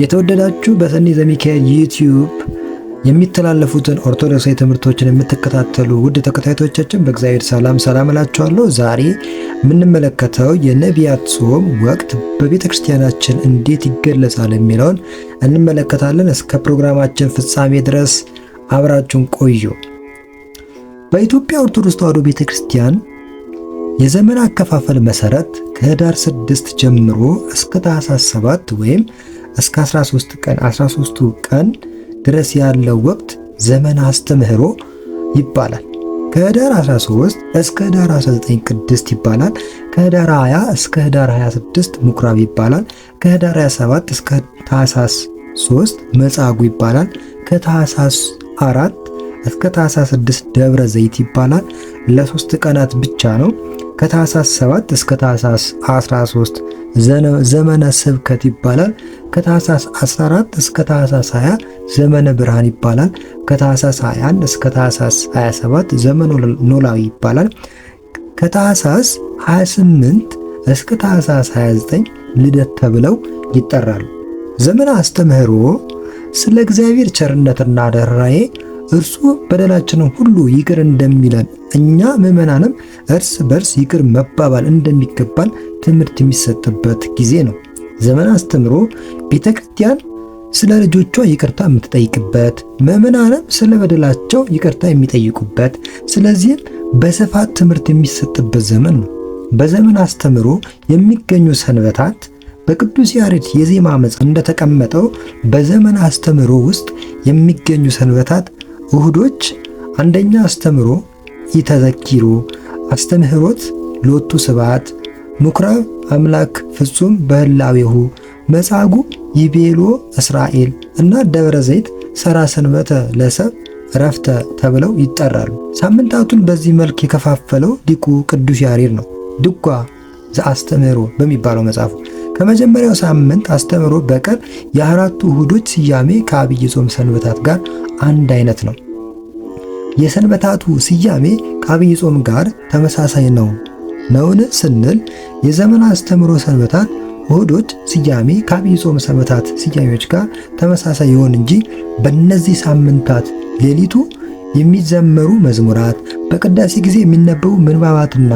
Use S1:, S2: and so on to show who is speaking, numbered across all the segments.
S1: የተወደዳችሁ በሰኒ ዘሚካኤል ዩቲዩብ የሚተላለፉትን ኦርቶዶክሳዊ ትምህርቶችን የምትከታተሉ ውድ ተከታዮቻችን በእግዚአብሔር ሰላም ሰላም እላችኋለሁ። ዛሬ የምንመለከተው የነቢያት ጾም ወቅት በቤተ ክርስቲያናችን እንዴት ይገለጻል የሚለውን እንመለከታለን። እስከ ፕሮግራማችን ፍጻሜ ድረስ አብራችሁን ቆዩ። በኢትዮጵያ ኦርቶዶክስ ተዋሕዶ ቤተ ክርስቲያን የዘመን አከፋፈል መሰረት ከህዳር 6 ጀምሮ እስከ ታኅሳስ 7 ወይም እስከ 13 ቀን 13ቱ ቀን ድረስ ያለው ወቅት ዘመን አስተምህሮ ይባላል። ከህዳር 13 እስከ ህዳር 19 ቅድስት ይባላል። ከህዳር 20 እስከ ህዳር 26 ምኩራብ ይባላል። ከህዳር 27 እስከ ታህሳስ 3 መጻጉዕ ይባላል። ከታህሳስ 4 እስከ ታህሳስ 6 ደብረ ዘይት ይባላል። ለሶስት ቀናት ብቻ ነው። ከታህሳስ 7 እስከ ታህሳስ 13 ዘመነ ስብከት ይባላል። ከታህሳስ 14 እስከ ታህሳስ 20 ዘመነ ብርሃን ይባላል። ከታህሳስ 21 እስከ ታህሳስ 27 ዘመነ ኖላዊ ይባላል። ከታህሳስ 28 እስከ ታህሳስ 29 ልደት ተብለው ይጠራሉ። ዘመነ አስተምህሮ ስለ እግዚአብሔር ቸርነትና ደራዬ እርሱ በደላችንን ሁሉ ይቅር እንደሚለን እኛ ምዕመናንም እርስ በርስ ይቅር መባባል እንደሚገባን ትምህርት የሚሰጥበት ጊዜ ነው። ዘመን አስተምሮ ቤተ ክርስቲያን ስለ ልጆቿ ይቅርታ የምትጠይቅበት፣ ምዕመናንም ስለ በደላቸው ይቅርታ የሚጠይቁበት፣ ስለዚህም በስፋት ትምህርት የሚሰጥበት ዘመን ነው። በዘመን አስተምሮ የሚገኙ ሰንበታት በቅዱስ ያሬድ የዜማ ዓመፅ እንደተቀመጠው በዘመን አስተምሮ ውስጥ የሚገኙ ሰንበታት ውህዶች አንደኛ አስተምሮ ኢተዘኪሮ አስተምህሮት ሎቱ ስባት ሙክራብ አምላክ ፍጹም በህላዌሁ መጻጉ ይቤሎ እስራኤል እና ደብረ ዘይት ሰንበተ ለሰብ ረፍተ ተብለው ይጠራሉ። ሳምንታቱን በዚህ መልክ የከፋፈለው ሊቁ ቅዱስ ያሬድ ነው። ድጓ ዘአስተምህሮ በሚባለው መጽሐፉ ከመጀመሪያው ሳምንት አስተምህሮ በቀር የአራቱ እሁዶች ስያሜ ከአብይ ጾም ሰንበታት ጋር አንድ አይነት ነው። የሰንበታቱ ስያሜ ከአብይ ጾም ጋር ተመሳሳይ ነው ነውን ስንል የዘመን አስተምህሮ ሰንበታት እሁዶች ስያሜ ከአብይ ጾም ሰንበታት ስያሜዎች ጋር ተመሳሳይ ይሆን እንጂ በእነዚህ ሳምንታት ሌሊቱ የሚዘመሩ መዝሙራት፣ በቅዳሴ ጊዜ የሚነበቡ ምንባባትና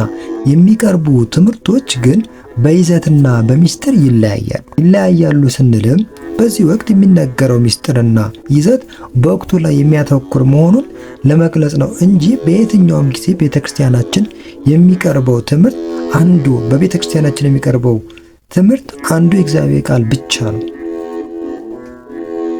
S1: የሚቀርቡ ትምህርቶች ግን በይዘትና በሚስጥር ይለያያል። ይለያያሉ ስንልም በዚህ ወቅት የሚነገረው ሚስጥርና ይዘት በወቅቱ ላይ የሚያተኩር መሆኑን ለመግለጽ ነው እንጂ በየትኛውም ጊዜ ቤተክርስቲያናችን የሚቀርበው ትምህርት አንዱ በቤተክርስቲያናችን የሚቀርበው ትምህርት አንዱ የእግዚአብሔር ቃል ብቻ ነው።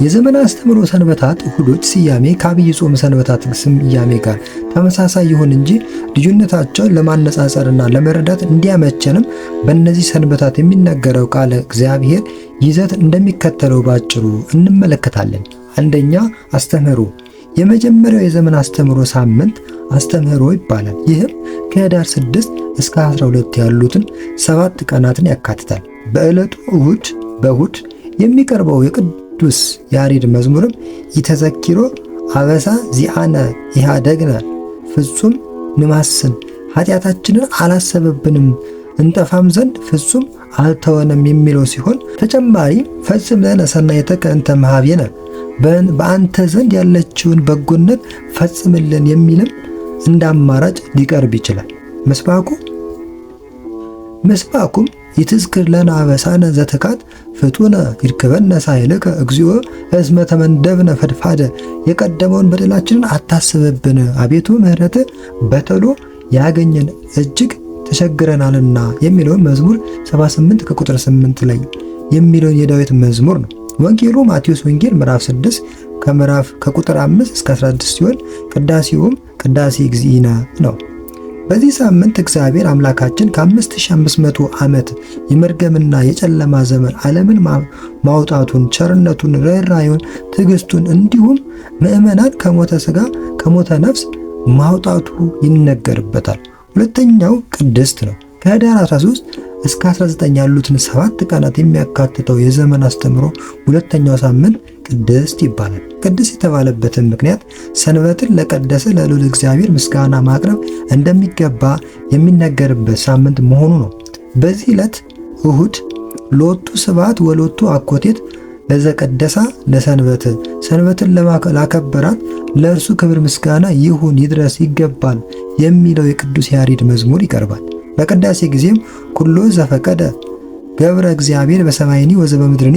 S1: የዘመን አስተምሮ ሰንበታት እሁዶች ስያሜ ከአብይ ጾም ሰንበታት ስያሜ ጋር ተመሳሳይ ይሁን እንጂ ልዩነታቸውን ለማነጻጸርና ለመረዳት እንዲያመቸንም በእነዚህ ሰንበታት የሚነገረው ቃለ እግዚአብሔር ይዘት እንደሚከተለው ባጭሩ እንመለከታለን። አንደኛ አስተምህሮ። የመጀመሪያው የዘመን አስተምህሮ ሳምንት አስተምህሮ ይባላል። ይህም ከህዳር 6 እስከ 12 ያሉትን ሰባት ቀናትን ያካትታል። በዕለቱ እሁድ በእሁድ የሚቀርበው ቅዱስ ያሬድ መዝሙርም ይተዘኪሮ አበሳ ዚአነ ኢሃደግነ ፍጹም ንማስን ኃጢአታችንን አላሰበብንም እንጠፋም ዘንድ ፍጹም አልተወነም የሚለው ሲሆን ተጨማሪ ፈጽም ለነ ሰናይተከ እንተ መሃቤነ በአንተ ዘንድ ያለችውን በጎነት ፈጽምልን የሚልም እንደ አማራጭ ሊቀርብ ይችላል። ምስባኩ ምስባኩም ይትዝክር ለነ አበሳነ ዘትካት ፍጡነ ይድክበነ ሳይልከ እግዚኦ እስመ ተመንደብነ ፈድፋደ። የቀደመውን በደላችንን አታስብብን አቤቱ ምሕረት በተሎ ያገኘን እጅግ ተቸግረናልና የሚለውን መዝሙር 78 ከቁጥር 8 ላይ የሚለውን የዳዊት መዝሙር ነው። ወንጌሉ ማቴዎስ ወንጌል ምዕራፍ 6 ከምዕራፍ ከቁጥር 5 እስከ 16 ሲሆን ቅዳሴውም ቅዳሴ እግዚእነ ነው። በዚህ ሳምንት እግዚአብሔር አምላካችን ከ5500 ዓመት የመርገምና የጨለማ ዘመን ዓለምን ማውጣቱን፣ ቸርነቱን፣ ርኅራኄውን፣ ትዕግስቱን እንዲሁም ምዕመናን ከሞተ ሥጋ ከሞተ ነፍስ ማውጣቱ ይነገርበታል። ሁለተኛው ቅድስት ነው። ከኅዳር 13 እስከ 19 ያሉትን ሰባት ቀናት የሚያካትተው የዘመን አስተምሮ ሁለተኛው ሳምንት ቅድስት ይባላል። ቅድስ የተባለበትን ምክንያት ሰንበትን ለቀደሰ ለልዑል እግዚአብሔር ምስጋና ማቅረብ እንደሚገባ የሚነገርበት ሳምንት መሆኑ ነው። በዚህ ዕለት እሁድ ሎቱ ስብሐት ወሎቱ አኮቴት ለዘቀደሳ ለሰንበት ሰንበትን ላከበራት ለእርሱ ክብር ምስጋና ይሁን ይድረስ ይገባል የሚለው የቅዱስ ያሬድ መዝሙር ይቀርባል። በቅዳሴ ጊዜም ኩሎ ዘፈቀደ ገብረ እግዚአብሔር በሰማይኒ ወዘበምድርኒ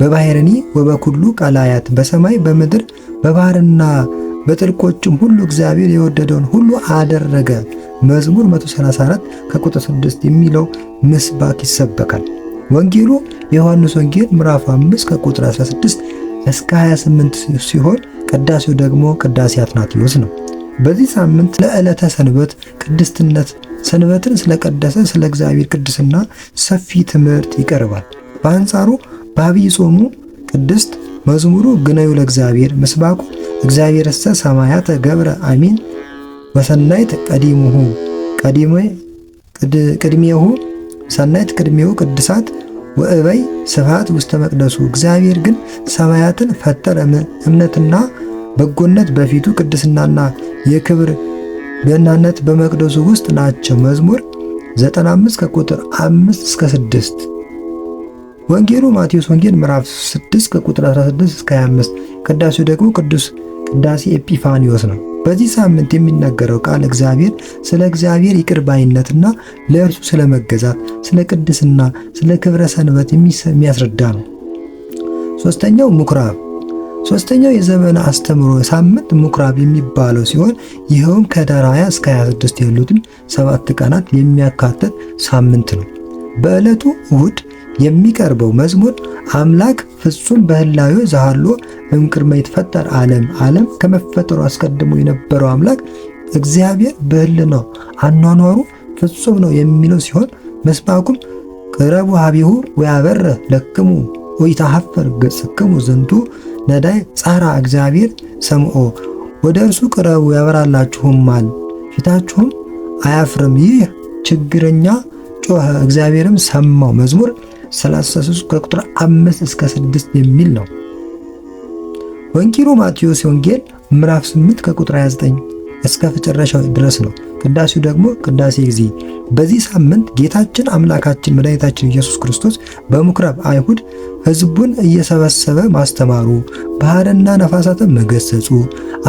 S1: በባሕርኒ ወበኩሉ ቀላያት በሰማይ በምድር በባህርና በጥልቆችም ሁሉ እግዚአብሔር የወደደውን ሁሉ አደረገ። መዝሙር 134 ከቁጥር 6 የሚለው ምስባክ ይሰበካል። ወንጌሉ የዮሐንስ ወንጌል ምዕራፍ 5 ከቁጥር 16 እስከ 28 ሲሆን ቅዳሴው ደግሞ ቅዳሴ አትናቴዎስ ነው። በዚህ ሳምንት ለዕለተ ሰንበት ቅድስትነት ሰንበትን ስለቀደሰ ስለ እግዚአብሔር ቅድስና ሰፊ ትምህርት ይቀርባል። በአንጻሩ በአብይ ጾሙ ቅድስት መዝሙሩ ግነዩ ለእግዚአብሔር ምስባኩ እግዚአብሔር እሰ ሰማያተ ገብረ አሚን ወሰናይት ቀዲሙሁ ቅድሜሁ ሰናይት ቅድሜሁ ቅድሳት ወእበይ ስፋት ውስተ መቅደሱ እግዚአብሔር ግን ሰማያትን ፈጠረ እምነትና በጎነት በፊቱ ቅድስናና የክብር ገናነት በመቅደሱ ውስጥ ናቸው። መዝሙር 95 ከቁጥር 5 እስከ 6 ወንጌሉ ማቴዎስ ወንጌል ምዕራፍ 6 ከቁጥር 16 እስከ 25። ቅዳሴው ደግሞ ቅዱስ ቅዳሴ ኤጲፋኒዮስ ነው። በዚህ ሳምንት የሚነገረው ቃል እግዚአብሔር ስለ እግዚአብሔር ይቅር ባይነትና ለእርሱ ስለ መገዛት፣ ስለ ቅድስና፣ ስለ ክብረ ሰንበት የሚያስረዳ ነው። ሶስተኛው ምኩራብ ሶስተኛው የዘመነ አስተምሮ ሳምንት ምኩራብ የሚባለው ሲሆን ይኸውም ከዳር 20 እስከ 26 ያሉትን ሰባት ቀናት የሚያካትት ሳምንት ነው። በዕለቱ እሁድ የሚቀርበው መዝሙር አምላክ ፍጹም በህላዊ ዛሃሎ እምቅድመ ይትፈጠር ዓለም ዓለም ከመፈጠሩ አስቀድሞ የነበረው አምላክ እግዚአብሔር ነው። አኗኗሩ ፍጹም ነው የሚለው ሲሆን መስባኩም ቅረቡ ሀቢሁ ወያበረ ለክሙ ወይታሐፈር ገጽክሙ ዝንቱ ነዳይ ጻራ እግዚአብሔር ሰምኦ ወደ እርሱ ቅረቡ ያበራላችሁማል፣ ፊታችሁም አያፍርም። ይህ ችግረኛ ጮኸ፣ እግዚአብሔርም ሰማው። መዝሙር 33 ከቁጥር 5 እስከ 6 የሚል ነው። ወንጌሉ ማቴዎስ ወንጌል ምዕራፍ 8 ከቁጥር 29 እስከ መጨረሻው ድረስ ነው። ቅዳሴው ደግሞ ቅዳሴ ጊዜ በዚህ ሳምንት ጌታችን አምላካችን መድኃኒታችን ኢየሱስ ክርስቶስ በምኩራብ አይሁድ ሕዝቡን እየሰበሰበ ማስተማሩ፣ ባህርና ነፋሳትን መገሰጹ፣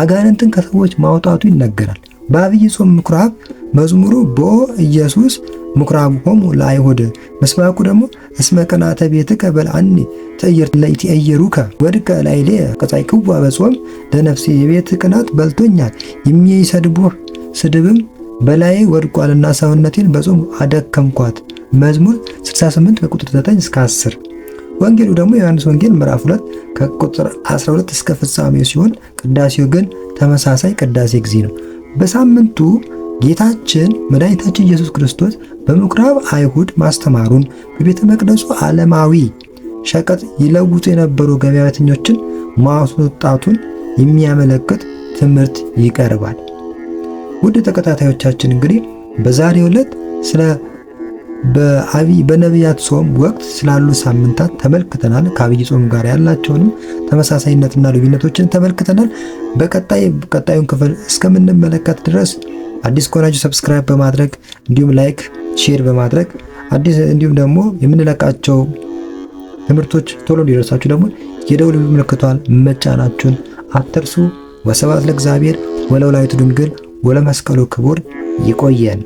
S1: አጋንንትን ከሰዎች ማውጣቱ ይነገራል። በአብይ ጾም ምኩራብ መዝሙሩ ቦ ኢየሱስ ምኩራብ ሆሙ ለአይሁድ ምስማኩ ደግሞ እስመ ቅንዓተ ቤትከ በልዐኒ ትእየሩከ ወድከ ላዕሌየ ቀጻዕክዋ በጾም ለነፍሴ የቤት ቅናት በልቶኛል፣ የሚሰድቡህ ስድብም በላይ ወድቋልና ሰውነቴን በጾም አደከምኳት። መዝሙር 68 ከቁጥር 9 እስከ 10። ወንጌሉ ደግሞ ዮሐንስ ወንጌል ምዕራፍ 2 ከቁጥር 12 እስከ ፍጻሜው ሲሆን ቅዳሴው ግን ተመሳሳይ ቅዳሴ ጊዜ ነው። በሳምንቱ ጌታችን መድኃኒታችን ኢየሱስ ክርስቶስ በምኩራብ አይሁድ ማስተማሩን በቤተ መቅደሱ ዓለማዊ ሸቀጥ ይለውጡ የነበሩ ገበያተኞችን ማስወጣቱን የሚያመለክት ትምህርት ይቀርባል። ውድ ተከታታዮቻችን እንግዲህ በዛሬ ዕለት ስለ በአቢ በነቢያት ጾም ወቅት ስላሉ ሳምንታት ተመልክተናል። ከአብይ ጾም ጋር ያላቸውንም ተመሳሳይነትና ልዩነቶችን ተመልክተናል። በቀጣይ ቀጣዩን ክፍል እስከምንመለከት ድረስ አዲስ ከሆናችሁ ሰብስክራይብ በማድረግ እንዲሁም ላይክ፣ ሼር በማድረግ አዲስ እንዲሁም ደግሞ የምንለቃቸው ትምህርቶች ቶሎ እንዲደርሳችሁ ደግሞ የደውል ምልክቷን መጫናችሁን አትርሱ። ወስብሐት ለእግዚአብሔር ወለወላዲቱ ድንግል ወለመስቀሉ ክቡር። ይቆየን።